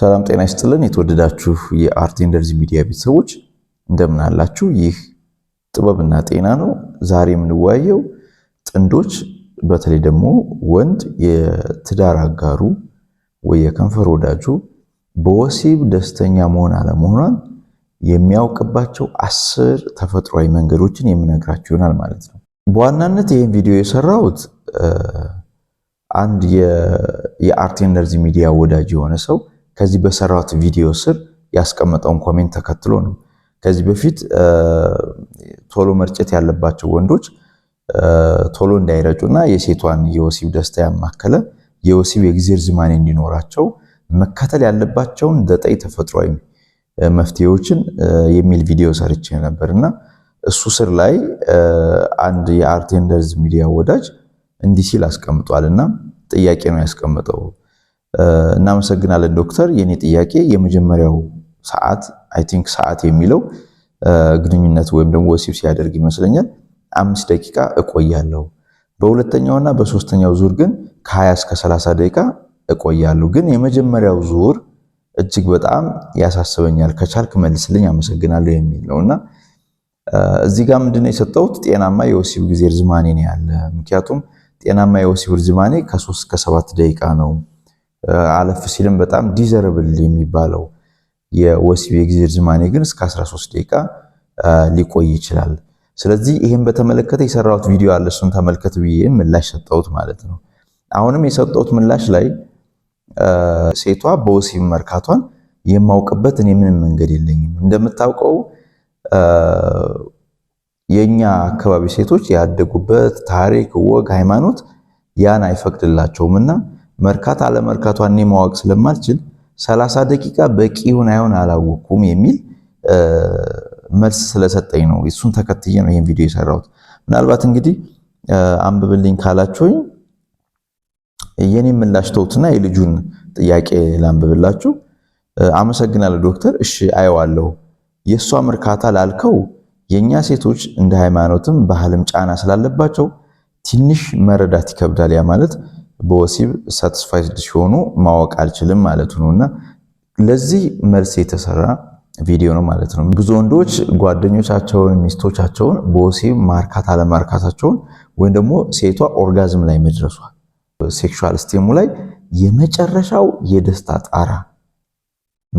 ሰላም ጤና ይስጥልን። የተወደዳችሁ የአርት ኢንደርዚ ሚዲያ ቤተሰቦች እንደምን አላችሁ? ይህ ጥበብና ጤና ነው። ዛሬ የምንወያየው ጥንዶች በተለይ ደግሞ ወንድ የትዳር አጋሩ ወይ የከንፈር ወዳጁ በወሲብ ደስተኛ መሆን አለመሆኗን የሚያውቅባቸው አስር ተፈጥሯዊ መንገዶችን የምነግራችሁ ይሆናል ማለት ነው። በዋናነት ይህን ቪዲዮ የሰራሁት አንድ የአርት ኢንደርዚ ሚዲያ ወዳጅ የሆነ ሰው ከዚህ በሰራት ቪዲዮ ስር ያስቀመጠውን ኮሜንት ተከትሎ ነው። ከዚህ በፊት ቶሎ መርጨት ያለባቸው ወንዶች ቶሎ እንዳይረጩ ና የሴቷን የወሲብ ደስታ ያማከለ የወሲብ የጊዜ ርዝማኔ እንዲኖራቸው መከተል ያለባቸውን ዘጠኝ ተፈጥሯዊ መፍትሄዎችን የሚል ቪዲዮ ሰርቼ ነበር እና እሱ ስር ላይ አንድ የአርቴንደርዝ ሚዲያ ወዳጅ እንዲህ ሲል አስቀምጧል እና ጥያቄ ነው ያስቀምጠው እናመሰግናለን ዶክተር። የኔ ጥያቄ የመጀመሪያው ሰዓት አይ ቲንክ ሰዓት የሚለው ግንኙነት ወይም ደግሞ ወሲብ ሲያደርግ ይመስለኛል አምስት ደቂቃ እቆያለሁ። በሁለተኛው እና በሶስተኛው ዙር ግን ከ20 እስከ 30 ደቂቃ እቆያለሁ። ግን የመጀመሪያው ዙር እጅግ በጣም ያሳስበኛል፣ ከቻልክ መልስልኝ፣ አመሰግናለሁ የሚል ነው እና እዚህ ጋር ምንድነው የሰጠሁት ጤናማ የወሲብ ጊዜ ርዝማኔ ነው ያለ። ምክንያቱም ጤናማ የወሲብ ርዝማኔ ከሶስት እስከ ሰባት ደቂቃ ነው። አለፍ ሲልም በጣም ዲዘርብል የሚባለው የወሲብ የጊዜ ርዝማኔ ግን እስከ 13 ደቂቃ ሊቆይ ይችላል። ስለዚህ ይህም በተመለከተ የሰራሁት ቪዲዮ አለ። እሱን ተመልከት ብዬ ምላሽ ሰጠሁት ማለት ነው። አሁንም የሰጠሁት ምላሽ ላይ ሴቷ በወሲብ መርካቷን የማውቅበት እኔ ምንም መንገድ የለኝም። እንደምታውቀው የኛ አካባቢ ሴቶች ያደጉበት ታሪክ፣ ወግ፣ ሃይማኖት ያን አይፈቅድላቸውም እና መርካት አለመርካቷ እኔ ማወቅ ስለማልችል ሰላሳ ደቂቃ በቂ ይሁን አይሆን አላወኩም የሚል መልስ ስለሰጠኝ ነው። እሱን ተከትዬ ነው ይህን ቪዲዮ የሰራሁት። ምናልባት እንግዲህ አንብብልኝ ካላችሁኝ የኔ ምላሽ ተውትና የልጁን ጥያቄ ላንብብላችሁ። አመሰግናለሁ ዶክተር። እሺ አየዋለሁ። የእሷም እርካታ ላልከው የእኛ ሴቶች እንደ ሃይማኖትም ባህልም ጫና ስላለባቸው ትንሽ መረዳት ይከብዳል። ያ ማለት በወሲብ ሳትስፋይድ ሲሆኑ ማወቅ አልችልም ማለቱ ነው እና ለዚህ መልስ የተሰራ ቪዲዮ ነው ማለት ነው። ብዙ ወንዶች ጓደኞቻቸውን፣ ሚስቶቻቸውን በወሲብ ማርካት አለማርካታቸውን ወይም ደግሞ ሴቷ ኦርጋዝም ላይ መድረሷ ሴክሹዋል ስቲሙ ላይ የመጨረሻው የደስታ ጣራ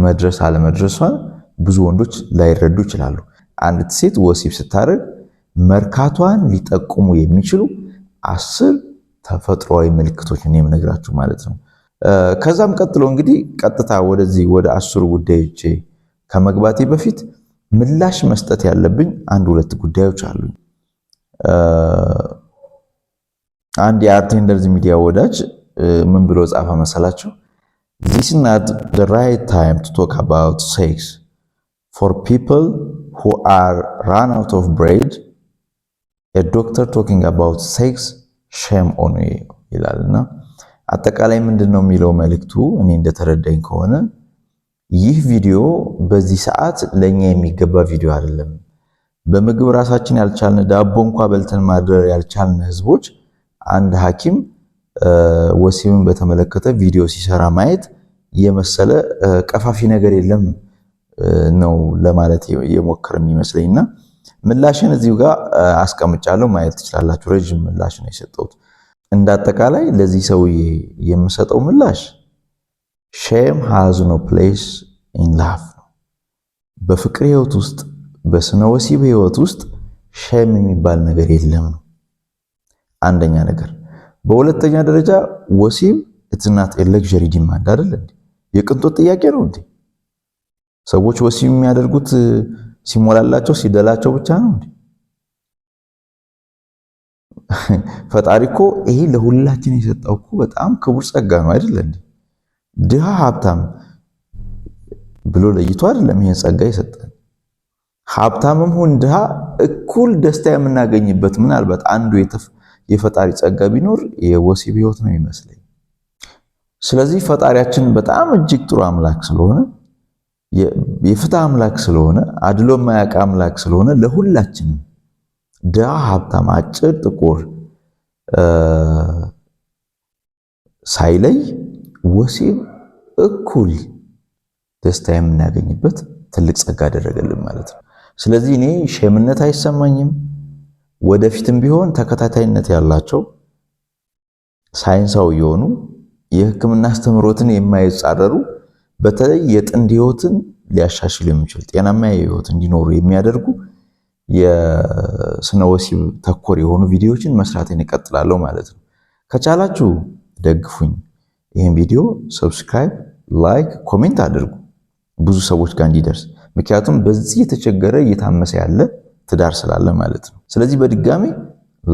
መድረስ አለመድረሷን ብዙ ወንዶች ላይረዱ ይችላሉ። አንዲት ሴት ወሲብ ስታደርግ መርካቷን ሊጠቁሙ የሚችሉ አስር ተፈጥሯዊ ምልክቶች እኔ የምነግራችሁ ማለት ነው። ከዛም ቀጥሎ እንግዲህ ቀጥታ ወደዚህ ወደ አስሩ ጉዳዮች ከመግባቴ በፊት ምላሽ መስጠት ያለብኝ አንድ ሁለት ጉዳዮች አሉ። አንድ የአርቴንደርዝ ሚዲያ ወዳጅ ምን ብሎ ጻፈ መሰላችሁ? ዚስ ናት ዘ ራይት ታይም ቱ ቶክ አባውት ሴክስ ፎር ፒፕል ሁ አር ራን አውት ኦፍ ብሬድ ዶክተር ቶኪንግ አባውት ሴክስ ሼም ኦን ይላል እና አጠቃላይ ምንድን ነው የሚለው መልእክቱ፣ እኔ እንደተረዳኝ ከሆነ ይህ ቪዲዮ በዚህ ሰዓት ለእኛ የሚገባ ቪዲዮ አይደለም። በምግብ ራሳችን ያልቻልን ዳቦ እንኳ በልተን ማድረር ያልቻልን ህዝቦች አንድ ሐኪም ወሲብን በተመለከተ ቪዲዮ ሲሰራ ማየት የመሰለ ቀፋፊ ነገር የለም ነው ለማለት የሞከረ እና ምላሽን እዚሁ ጋር አስቀምጫለሁ ማየት ትችላላችሁ። ረዥም ምላሽ ነው የሰጠሁት። እንዳጠቃላይ ለዚህ ሰውዬ የምሰጠው ምላሽ ሼም ሃዝ ኖ ፕሌስ ኢን ላቭ ነው። በፍቅር ህይወት ውስጥ በስነ ወሲብ ህይወት ውስጥ ሼም የሚባል ነገር የለም ነው አንደኛ ነገር። በሁለተኛ ደረጃ ወሲብ እትናት ለግዠሪ ዲማንድ አይደል የቅንጦት ጥያቄ ነው እንዴ? ሰዎች ወሲብ የሚያደርጉት ሲሞላላቸው ሲደላቸው ብቻ ነው እንዴ? ፈጣሪ እኮ ይሄ ለሁላችን የሰጠው እኮ በጣም ክቡር ጸጋ ነው አይደለ እንዴ? ድሃ ሀብታም ብሎ ለይቶ አይደለም ይሄን ጸጋ የሰጠን። ሀብታምም ሁን ድሃ እኩል ደስታ የምናገኝበት ምናልባት አንዱ የፈጣሪ ጸጋ ቢኖር የወሲብ ህይወት ነው ይመስለኝ። ስለዚህ ፈጣሪያችን በጣም እጅግ ጥሩ አምላክ ስለሆነ የፍትህ አምላክ ስለሆነ አድሎ ማያቅ አምላክ ስለሆነ ለሁላችንም ድሃ፣ ሀብታም፣ አጭር፣ ጥቁር ሳይለይ ወሲብ እኩል ደስታ የምናገኝበት ትልቅ ጸጋ አደረገልን ማለት ነው። ስለዚህ እኔ ሸምነት አይሰማኝም። ወደፊትም ቢሆን ተከታታይነት ያላቸው ሳይንሳዊ የሆኑ የሕክምና አስተምህሮትን የማይጻረሩ በተለይ የጥንድ ህይወትን ሊያሻሽሉ የሚችል ጤናማ ህይወት እንዲኖሩ የሚያደርጉ የስነ ወሲብ ተኮር የሆኑ ቪዲዮዎችን መስራትን እቀጥላለሁ ማለት ነው። ከቻላችሁ ደግፉኝ። ይህን ቪዲዮ ሰብስክራይብ፣ ላይክ፣ ኮሜንት አድርጉ ብዙ ሰዎች ጋር እንዲደርስ። ምክንያቱም በዚህ የተቸገረ እየታመሰ ያለ ትዳር ስላለ ማለት ነው። ስለዚህ በድጋሚ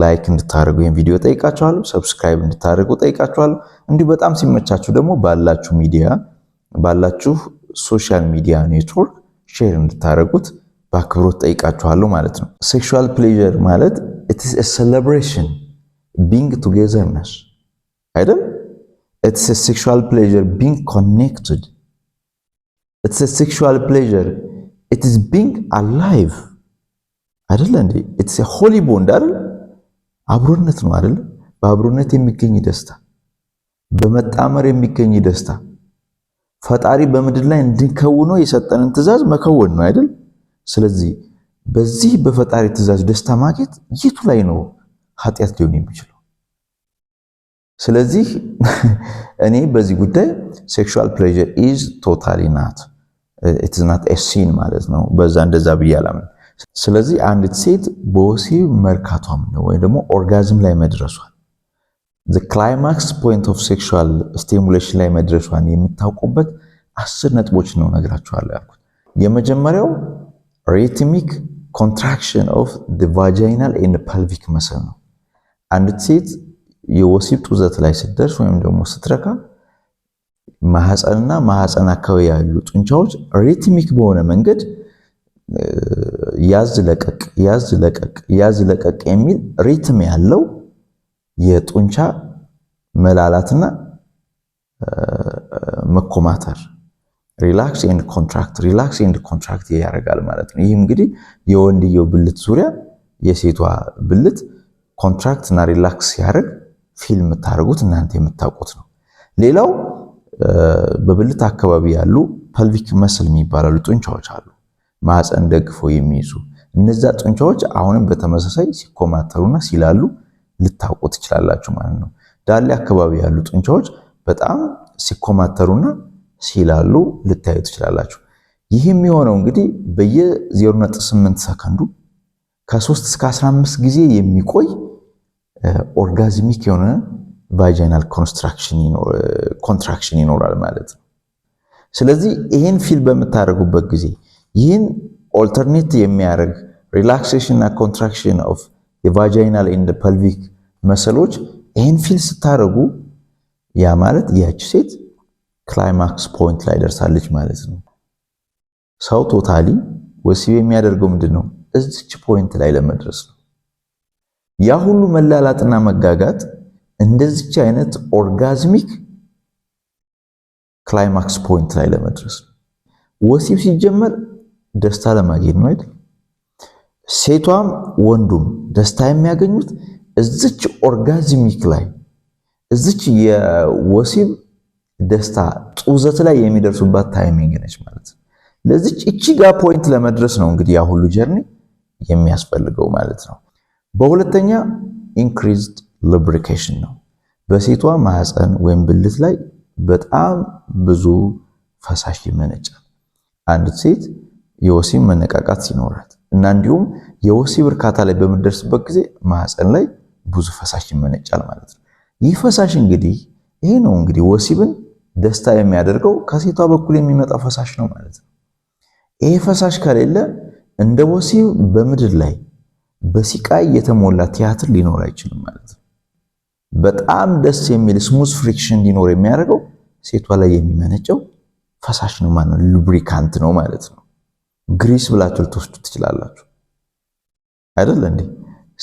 ላይክ እንድታደርጉ ይህን ቪዲዮ ጠይቃችኋለሁ። ሰብስክራይብ እንድታደርጉ ጠይቃችኋለሁ። እንዲሁ በጣም ሲመቻችሁ ደግሞ ባላችሁ ሚዲያ ባላችሁ ሶሻል ሚዲያ ኔትወርክ ሼር እንድታደረጉት በአክብሮት ጠይቃችኋለሁ ማለት ነው። ሴክሹዋል ፕሌዠር ማለት ኢትስ ሴሌብሬሽን ቢንግ ቱጌዘርነስ አይደል? ኢትስ ሴክሹዋል ፕሌዠር ቢንግ ኮኔክትድ ኢትስ ሴክሹዋል ፕሌዠር ኢትስ ቢንግ አላይቭ አይደለ እንዴ? ኢትስ ሆሊ ቦንድ አይደል? አብሮነት ነው አይደል? በአብሮነት የሚገኝ ደስታ፣ በመጣመር የሚገኝ ደስታ ፈጣሪ በምድር ላይ እንድንከውነው የሰጠንን ትእዛዝ መከወን ነው አይደል? ስለዚህ በዚህ በፈጣሪ ትእዛዝ ደስታ ማግኘት የቱ ላይ ነው ኃጢአት ሊሆን የሚችለው? ስለዚህ እኔ በዚህ ጉዳይ ሴክሹዋል ፕሌዥር ኢዝ ቶታሊ ናት ኢትዝ ናት ኤ ሲን ማለት ነው። በዛ እንደዛ ብዬ አላምን። ስለዚህ አንዲት ሴት በወሲብ መርካቷም ነው ወይም ደግሞ ኦርጋዝም ላይ መድረሷል ክላይማክስ ፖይንት ኦፍ ሴክሹዋል ስቲሙሌሽን ላይ መድረሷን የምታውቁበት አስር ነጥቦች ነው ነግራችኋለሁ ያልኩት። የመጀመሪያው ሪትሚክ ኮንትራክሽን ኦፍ ቫጃይናል ኤንድ ፐልቪክ መስል ነው። አንዲት ሴት የወሲብ ጡዘት ላይ ስትደርስ ወይም ደግሞ ስትረካ ማህፀንና ማህፀን አካባቢ ያሉ ጡንቻዎች ሪትሚክ በሆነ መንገድ ያዝ ለቀቅ፣ ያዝ ለቀቅ፣ ያዝ ለቀቅ የሚል ሪትም ያለው የጡንቻ መላላትና መኮማተር ሪላክስ ኤንድ ኮንትራክት ሪላክስ ኤንድ ኮንትራክት ያደርጋል ማለት ነው። ይህ እንግዲህ የወንድየው ብልት ዙሪያ የሴቷ ብልት ኮንትራክት እና ሪላክስ ሲያደርግ ፊልም የምታደርጉት እናንተ የምታውቁት ነው። ሌላው በብልት አካባቢ ያሉ ፐልቪክ መስል የሚባላሉ ጡንቻዎች አሉ፣ ማህፀን ደግፈው የሚይዙ እነዛ ጡንቻዎች አሁንም በተመሳሳይ ሲኮማተሩና ሲላሉ ልታውቁ ትችላላችሁ ማለት ነው። ዳሌ አካባቢ ያሉ ጡንቻዎች በጣም ሲኮማተሩና ሲላሉ ልታዩ ትችላላችሁ። ይህ የሚሆነው እንግዲህ በየ0.8 ሰከንዱ ከ3 እስከ 15 ጊዜ የሚቆይ ኦርጋዝሚክ የሆነ ቫጃይናል ኮንትራክሽን ይኖራል ማለት ነው። ስለዚህ ይህን ፊል በምታደርጉበት ጊዜ ይህን ኦልተርኔት የሚያደርግ ሪላክሴሽን እና ኮንትራክሽን ኦፍ የቫጃይናል ኤንድ ፐልቪክ መሰሎች ይህን ፊል ስታደርጉ ያ ማለት ያች ሴት ክላይማክስ ፖይንት ላይ ደርሳለች ማለት ነው። ሰው ቶታሊ ወሲብ የሚያደርገው ምንድን ነው? እዚች ፖይንት ላይ ለመድረስ ነው። ያ ሁሉ መላላጥና መጋጋት እንደዚች አይነት ኦርጋዝሚክ ክላይማክስ ፖይንት ላይ ለመድረስ ነው። ወሲብ ሲጀመር ደስታ ለማግኘት ነው አይደል? ሴቷም ወንዱም ደስታ የሚያገኙት እዚች ኦርጋዝሚክ ላይ እዚች የወሲብ ደስታ ጡዘት ላይ የሚደርሱባት ታይሚንግ ነች ማለት ነው። ለዚች እቺ ጋር ፖይንት ለመድረስ ነው እንግዲህ ያ ሁሉ ጀርኒ የሚያስፈልገው ማለት ነው። በሁለተኛ ኢንክሪዝድ ሉብሪኬሽን ነው። በሴቷ ማህፀን ወይም ብልት ላይ በጣም ብዙ ፈሳሽ ይመነጫል። አንዲት ሴት የወሲብ መነቃቃት ሲኖራት እና እንዲሁም የወሲብ እርካታ ላይ በምንደርስበት ጊዜ ማህፀን ላይ ብዙ ፈሳሽ ይመነጫል ማለት ነው። ይህ ፈሳሽ እንግዲህ ይሄ ነው እንግዲህ ወሲብን ደስታ የሚያደርገው ከሴቷ በኩል የሚመጣ ፈሳሽ ነው ማለት ነው። ይሄ ፈሳሽ ከሌለ እንደ ወሲብ በምድር ላይ በሲቃይ የተሞላ ቲያትር ሊኖር አይችልም ማለት ነው። በጣም ደስ የሚል ስሙዝ ፍሪክሽን ሊኖር የሚያደርገው ሴቷ ላይ የሚመነጨው ፈሳሽ ነው ማለት ነው። ሉብሪካንት ነው ማለት ነው። ግሪስ ብላችሁ ልትወስዱ ትችላላችሁ። አይደለ እንዴ?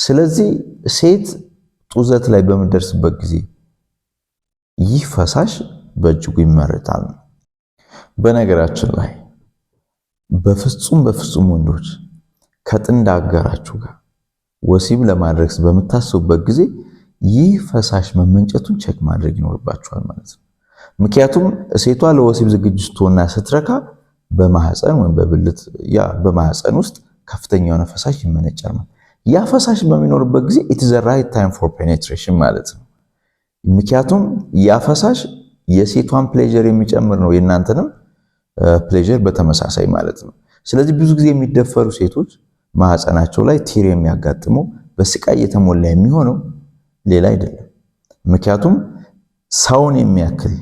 ስለዚህ ሴት ጡዘት ላይ በምደርስበት ጊዜ ይህ ፈሳሽ በእጅጉ ይመረጣል። በነገራችን ላይ በፍጹም በፍጹም ወንዶች ከጥንድ አጋራችሁ ጋር ወሲብ ለማድረግ በምታስቡበት ጊዜ ይህ ፈሳሽ መመንጨቱን ቸክ ማድረግ ይኖርባችኋል ማለት ነው። ምክንያቱም ሴቷ ለወሲብ ዝግጁ ስትሆንና ስትረካ በማህፀን ወይም በብልት ያ በማህፀን ውስጥ ከፍተኛ የሆነ ፈሳሽ ይመነጫል ማለት ያ ፈሳሽ በሚኖርበት ጊዜ ኢት ዘ ራይት ታይም ፎር ፔኔትሬሽን ማለት ነው። ምክንያቱም ያ ፈሳሽ የሴቷን ፕሌጀር የሚጨምር ነው፣ የእናንተንም ፕሌጀር በተመሳሳይ ማለት ነው። ስለዚህ ብዙ ጊዜ የሚደፈሩ ሴቶች ማህፀናቸው ላይ ቲር የሚያጋጥመው በስቃይ የተሞላ የሚሆነው ሌላ አይደለም። ምክንያቱም ሰውን የሚያክል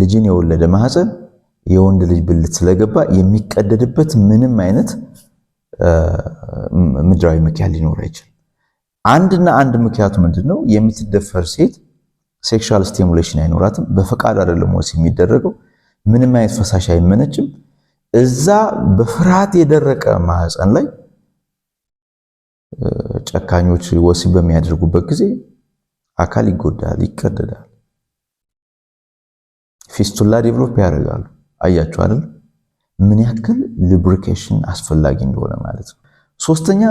ልጅን የወለደ ማህፀን የወንድ ልጅ ብልት ስለገባ የሚቀደድበት ምንም አይነት ምድራዊ ምክንያት ሊኖር አይችልም። አንድና አንድ ምክንያቱ ምንድን ነው? የምትደፈር ሴት ሴክሹዋል ስቲሙሌሽን አይኖራትም። በፈቃድ አይደለም ወሲብ የሚደረገው። ምንም አይነት ፈሳሽ አይመነጭም። እዛ በፍርሃት የደረቀ ማህፀን ላይ ጨካኞች ወሲብ በሚያደርጉበት ጊዜ አካል ይጎዳል፣ ይቀደዳል፣ ፊስቱላ ዴቨሎፕ ያደርጋሉ። አያችሁ አይደል? ምን ያክል ሊብሪኬሽን አስፈላጊ እንደሆነ ማለት ነው። ሶስተኛ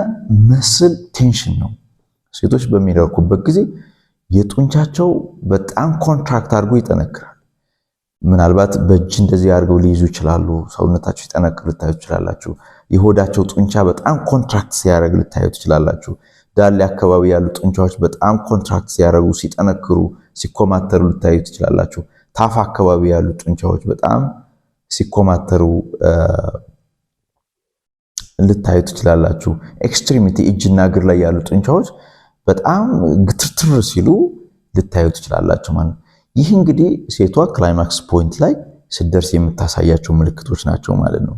መስል ቴንሽን ነው። ሴቶች በሚደርኩበት ጊዜ የጡንቻቸው በጣም ኮንትራክት አድርጎ ይጠነክራል። ምናልባት በእጅ እንደዚህ አድርገው ሊይዙ ይችላሉ። ሰውነታቸው ሲጠነክር ልታዩ ትችላላችሁ። የሆዳቸው ጡንቻ በጣም ኮንትራክት ሲያደርግ ልታዩ ትችላላችሁ። ዳሌ አካባቢ ያሉ ጡንቻዎች በጣም ኮንትራክት ሲያደርጉ፣ ሲጠነክሩ፣ ሲኮማተሩ ልታዩ ትችላላችሁ። ታፋ አካባቢ ያሉ ጡንቻዎች በጣም ሲኮማተሩ ልታዩ ትችላላችሁ። ኤክስትሪሚቲ እጅና እግር ላይ ያሉ ጡንቻዎች በጣም ግትርትር ሲሉ ልታዩ ትችላላችሁ ማለት ነው። ይህ እንግዲህ ሴቷ ክላይማክስ ፖይንት ላይ ስደርስ የምታሳያቸው ምልክቶች ናቸው ማለት ነው።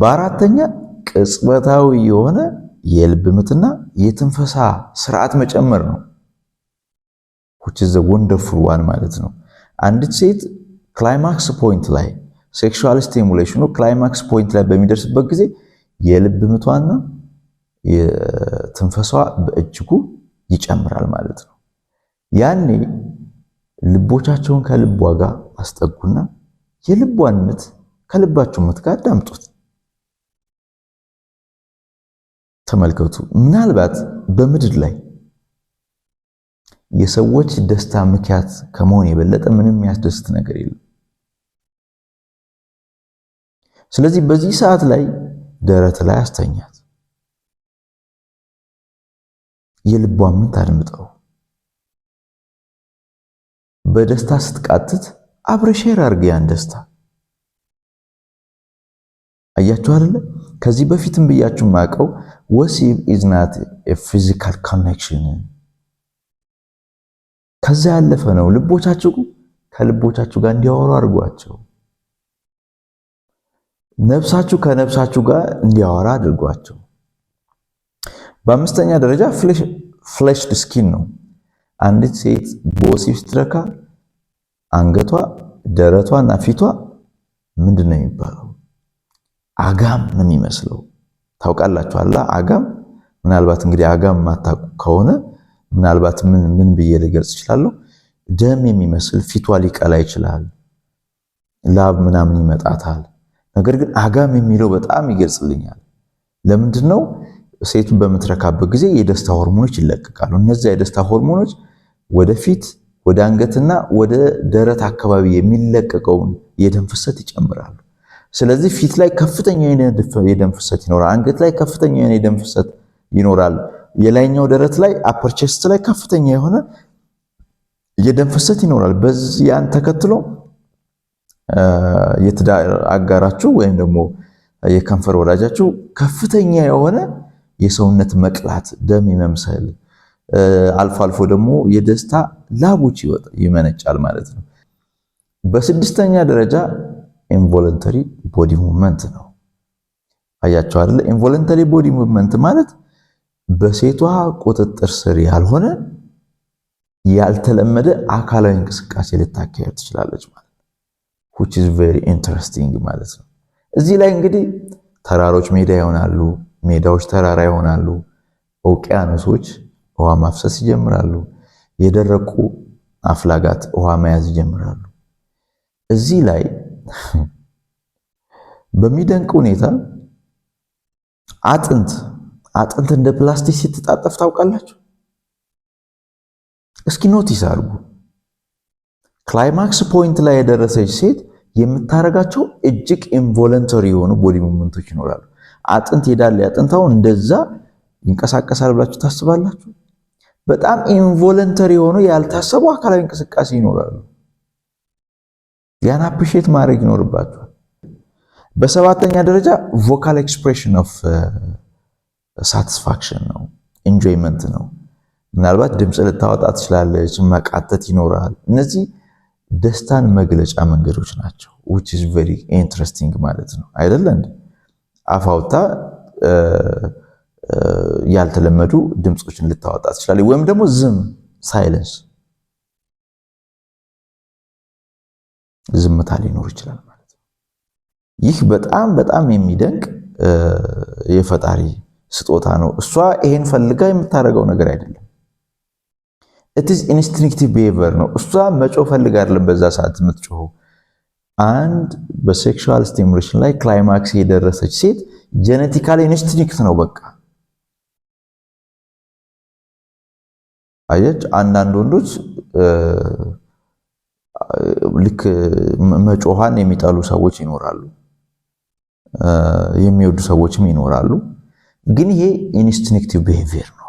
በአራተኛ ቅጽበታዊ የሆነ የልብ ምትና የትንፈሳ ስርዓት መጨመር ነው። which is ማለት ነው። አንዲት ሴት ክላይማክስ ፖይንት ላይ ሴክሹዋል ስቲሙሌሽኑ ክላይማክስ ፖይንት ላይ በሚደርስበት ጊዜ የልብ ምቷና የትንፈሷ በእጅጉ ይጨምራል ማለት ነው። ያኔ ልቦቻቸውን ከልቧ ጋር አስጠጉና የልቧን ምት ከልባቸው ምት ጋር አዳምጡት። ተመልከቱ። ምናልባት በምድር ላይ የሰዎች ደስታ ምክንያት ከመሆን የበለጠ ምንም የሚያስደስት ነገር የለም። ስለዚህ በዚህ ሰዓት ላይ ደረት ላይ አስተኛት። የልቧን ምት አድምጠው። በደስታ ስትቃትት አብረሼር አድርግ ያን ደስታ። አያችሁ አይደለ? ከዚህ በፊትም ብያችሁ ማቀው ወሲብ ኢዝ ናት ኤ ፊዚካል ኮኔክሽን ከዛ ያለፈ ነው። ልቦቻችሁ ከልቦቻችሁ ጋር እንዲያወሩ አድርጓቸው። ነፍሳችሁ ከነፍሳችሁ ጋር እንዲያወራ አድርጓቸው። በአምስተኛ ደረጃ ፍሌሽድ ስኪን ነው። አንዲት ሴት በወሲብ ስትረካ አንገቷ፣ ደረቷ እና ፊቷ ምንድን ነው የሚባለው? አጋም ነው የሚመስለው። ታውቃላችሁ አላ አጋም። ምናልባት እንግዲህ አጋም ማታቁ ከሆነ ምናልባት ምን ምን ብዬ ልገልጽ እችላለሁ? ደም የሚመስል ፊቷ ሊቀላ ይችላል። ላብ ምናምን ይመጣታል። ነገር ግን አጋም የሚለው በጣም ይገልጽልኛል። ለምንድን ነው? ሴቱን በምትረካበት ጊዜ የደስታ ሆርሞኖች ይለቀቃሉ። እነዚያ የደስታ ሆርሞኖች ወደፊት ወደ አንገትና ወደ ደረት አካባቢ የሚለቀቀውን የደም ፍሰት ይጨምራሉ። ስለዚህ ፊት ላይ ከፍተኛ የደም ፍሰት ይኖራል። አንገት ላይ ከፍተኛ የደም ፍሰት ይኖራል። የላይኛው ደረት ላይ አፐር ቼስት ላይ ከፍተኛ የሆነ የደም ፍሰት ይኖራል። በዚያን ተከትሎ የትዳር አጋራችሁ ወይም ደግሞ የከንፈር ወዳጃችሁ ከፍተኛ የሆነ የሰውነት መቅላት፣ ደም የመምሰል አልፎ አልፎ ደግሞ የደስታ ላቦች ይመነጫል ማለት ነው። በስድስተኛ ደረጃ ኢንቮለንተሪ ቦዲ ሙቭመንት ነው። አያቸው አይደለ? ኢንቮለንተሪ ቦዲ ሙቭመንት ማለት በሴቷ ቁጥጥር ስር ያልሆነ ያልተለመደ አካላዊ እንቅስቃሴ ልታካሄድ ትችላለች ማለት which is very interesting ማለት ነው። እዚህ ላይ እንግዲህ ተራሮች ሜዳ ይሆናሉ፣ ሜዳዎች ተራራ ይሆናሉ፣ ውቅያኖሶች ውሃ ማፍሰስ ይጀምራሉ፣ የደረቁ አፍላጋት ውሃ መያዝ ይጀምራሉ። እዚህ ላይ በሚደንቅ ሁኔታ አጥንት አጥንት እንደ ፕላስቲክ ሲተጣጠፍ ታውቃላችሁ። እስኪ ኖቲስ አድርጉ። ክላይማክስ ፖይንት ላይ የደረሰች ሴት የምታደርጋቸው እጅግ ኢንቮለንተሪ የሆኑ ቦዲ ሙቭመንቶች ይኖራሉ። አጥንት ሄዳለ አጥንታውን እንደዛ ይንቀሳቀሳል ብላችሁ ታስባላችሁ? በጣም ኢንቮለንተሪ የሆኑ ያልታሰቡ አካላዊ እንቅስቃሴ ይኖራሉ። ያን አፕሪሼት ማድረግ ይኖርባቸዋል በሰባተኛ ደረጃ ቮካል ኤክስፕሬሽን ኦፍ ሳቲስፋክሽን ነው፣ ኤንጆይመንት ነው። ምናልባት ድምፅ ልታወጣ ትችላለች፣ መቃተት ይኖራል። እነዚህ ደስታን መግለጫ መንገዶች ናቸው። which is very ማለት ነው አይደለ አፋውታ ያልተለመዱ ድምፆችን ልታወጣ ትችላለች። ወይም ደግሞ ዝም ሳይለንስ፣ ዝምታ ሊኖር ይችላል ማለት ነው። ይህ በጣም በጣም የሚደንቅ የፈጣሪ ስጦታ ነው። እሷ ይሄን ፈልጋ የምታደርገው ነገር አይደለም። ኢትስ ኢንስቲንክቲቭ ቢሄቨር ነው። እሷ መጮ ፈልግ አይደለም በዛ ሰዓት የምትጮኸው። አንድ በሴክሹዋል ስቲሙሌሽን ላይ ክላይማክስ የደረሰች ሴት ጄኔቲካሊ ኢንስቲንክት ነው በቃ። አየች። አንዳንድ ወንዶች ልክ መጮሃን የሚጠሉ ሰዎች ይኖራሉ፣ የሚወዱ ሰዎችም ይኖራሉ። ግን ይሄ ኢንስቲንክቲቭ ቢሄቪየር ነው።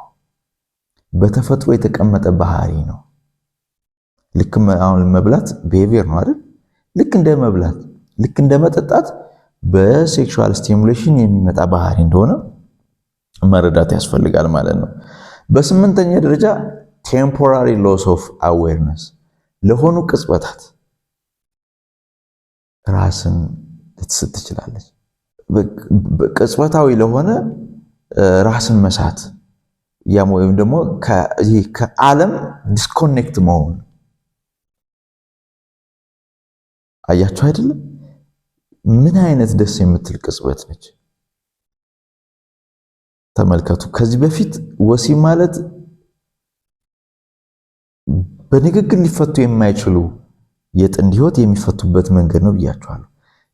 በተፈጥሮ የተቀመጠ ባህሪ ነው። ልክ አሁን መብላት ቢሄቪየር ነው አይደል? ልክ እንደ መብላት፣ ልክ እንደ መጠጣት በሴክሹዋል ስቲሙሌሽን የሚመጣ ባህሪ እንደሆነ መረዳት ያስፈልጋል ማለት ነው። በስምንተኛ ደረጃ ቴምፖራሪ ሎስ ኦፍ አዌርነስ ለሆኑ ቅጽበታት ራስን ልትስት ትችላለች። ቅጽበታዊ ለሆነ ራስን መሳት ወይም ደግሞ ከዓለም ዲስኮኔክት መሆን አያችሁ አይደለም? ምን አይነት ደስ የምትል ቅጽበት ነች። ተመልከቱ። ከዚህ በፊት ወሲብ ማለት በንግግር ሊፈቱ የማይችሉ የጥንድ ህይወት የሚፈቱበት መንገድ ነው ብያችኋለሁ።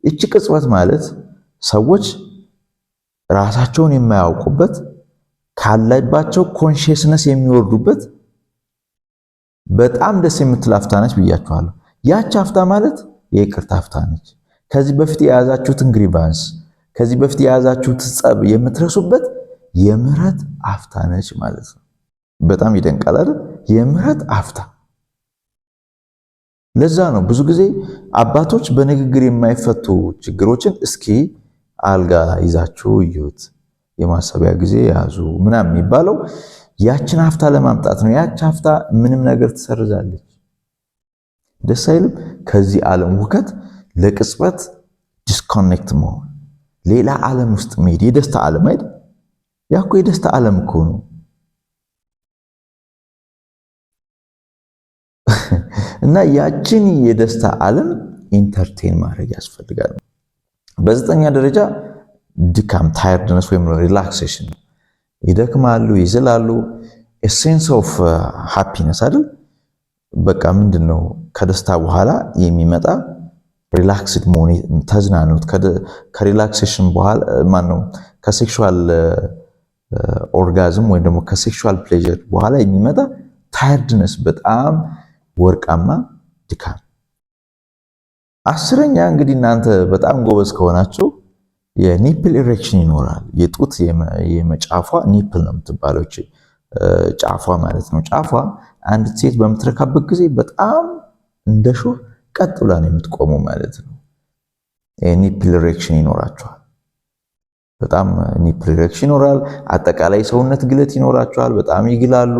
እቺ ቅጽበት ማለት ሰዎች ራሳቸውን የማያውቁበት ካለባቸው ኮንሽስነስ የሚወርዱበት በጣም ደስ የምትል አፍታ ነች ብያችኋለሁ። ያች አፍታ ማለት የይቅርታ አፍታ ነች። ከዚህ በፊት የያዛችሁትን ግሪቫንስ፣ ከዚህ በፊት የያዛችሁት ጸብ የምትረሱበት የምህረት አፍታ ነች ማለት ነው። በጣም ይደንቃል አይደል? የምህረት አፍታ። ለዛ ነው ብዙ ጊዜ አባቶች በንግግር የማይፈቱ ችግሮችን እስኪ አልጋ ይዛችሁ እዩት የማሰቢያ ጊዜ ያዙ ምናምን የሚባለው ያችን ሀፍታ ለማምጣት ነው። ያች ሀፍታ ምንም ነገር ትሰርዛለች። ደስ አይልም። ከዚህ ዓለም ሁከት ለቅጽበት ዲስኮኔክት መሆን፣ ሌላ ዓለም ውስጥ መሄድ፣ የደስታ ዓለም አይደል? ያኮ የደስታ ዓለም እኮ ነው። እና ያችን የደስታ ዓለም ኢንተርቴን ማድረግ ያስፈልጋል። በዘጠኛ ደረጃ ድካም ታየርድነስ ወይም ሪላክሴሽን ይደክማሉ፣ ይዝላሉ። ሴንስ ኦፍ ሃፒነስ አይደል በቃ ምንድን ነው ከደስታ በኋላ የሚመጣ ሪላክስድ መሆን ተዝናኑት። ከሪላክሴሽን በኋላ ነው ከሴክሹዋል uh, uh, ኦርጋዝም ወይም ደግሞ ከሴክሹዋል ፕሌዥር በኋላ የሚመጣ ታየርድነስ በጣም ወርቃማ ድካም። አስረኛ እንግዲህ እናንተ በጣም ጎበዝ ከሆናችሁ የኒፕል ኢሬክሽን ይኖራል። የጡት የመጫፏ ኒፕል ነው የምትባለው ጫፏ ማለት ነው። ጫፏ አንድ ሴት በምትረካበት ጊዜ በጣም እንደ ሾህ ቀጥ ብላ ነው የምትቆመው ማለት ነው። ኒፕል ኢሬክሽን ይኖራቸዋል። በጣም ኒፕል ኢሬክሽን ይኖራል። አጠቃላይ ሰውነት ግለት ይኖራቸዋል። በጣም ይግላሉ።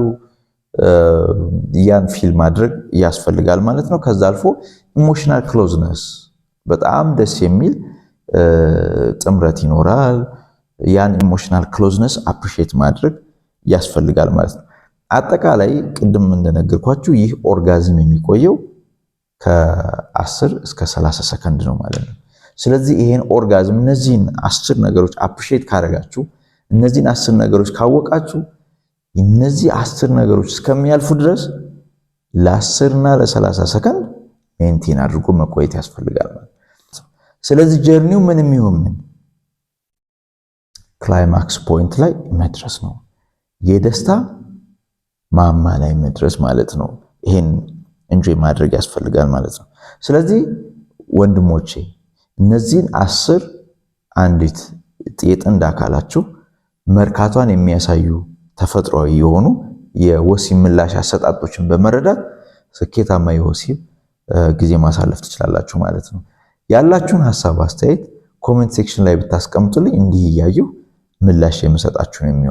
ያን ፊል ማድረግ ያስፈልጋል ማለት ነው። ከዛ አልፎ ኢሞሽናል ክሎዝነስ በጣም ደስ የሚል ጥምረት ይኖራል። ያን ኢሞሽናል ክሎዝነስ አፕሪሼት ማድረግ ያስፈልጋል ማለት ነው። አጠቃላይ ቅድም እንደነገርኳችሁ ይህ ኦርጋዝም የሚቆየው ከአስር እስከ ሰላሳ ሰከንድ ነው ማለት ነው። ስለዚህ ይሄን ኦርጋዝም እነዚህን አስር ነገሮች አፕሪሼት ካደረጋችሁ፣ እነዚህን አስር ነገሮች ካወቃችሁ እነዚህ አስር ነገሮች እስከሚያልፉ ድረስ ለአስር እና ለሰላሳ ሰከንድ ሜንቴን አድርጎ መቆየት ያስፈልጋል። ስለዚህ ጀርኒው ምንም ይሁን ምን ክላይማክስ ፖይንት ላይ መድረስ ነው። የደስታ ማማ ላይ መድረስ ማለት ነው። ይሄን እንጆይ ማድረግ ያስፈልጋል ማለት ነው። ስለዚህ ወንድሞቼ እነዚህን አስር አንዲት የጥንድ እንዳካላችሁ መርካቷን የሚያሳዩ ተፈጥሯዊ የሆኑ የወሲብ ምላሽ አሰጣጦችን በመረዳት ስኬታማ የወሲብ ጊዜ ማሳለፍ ትችላላችሁ ማለት ነው። ያላችሁን ሀሳብ አስተያየት ኮሜንት ሴክሽን ላይ ብታስቀምጡልኝ እንዲህ እያየሁ ምላሽ የምሰጣችሁ ነው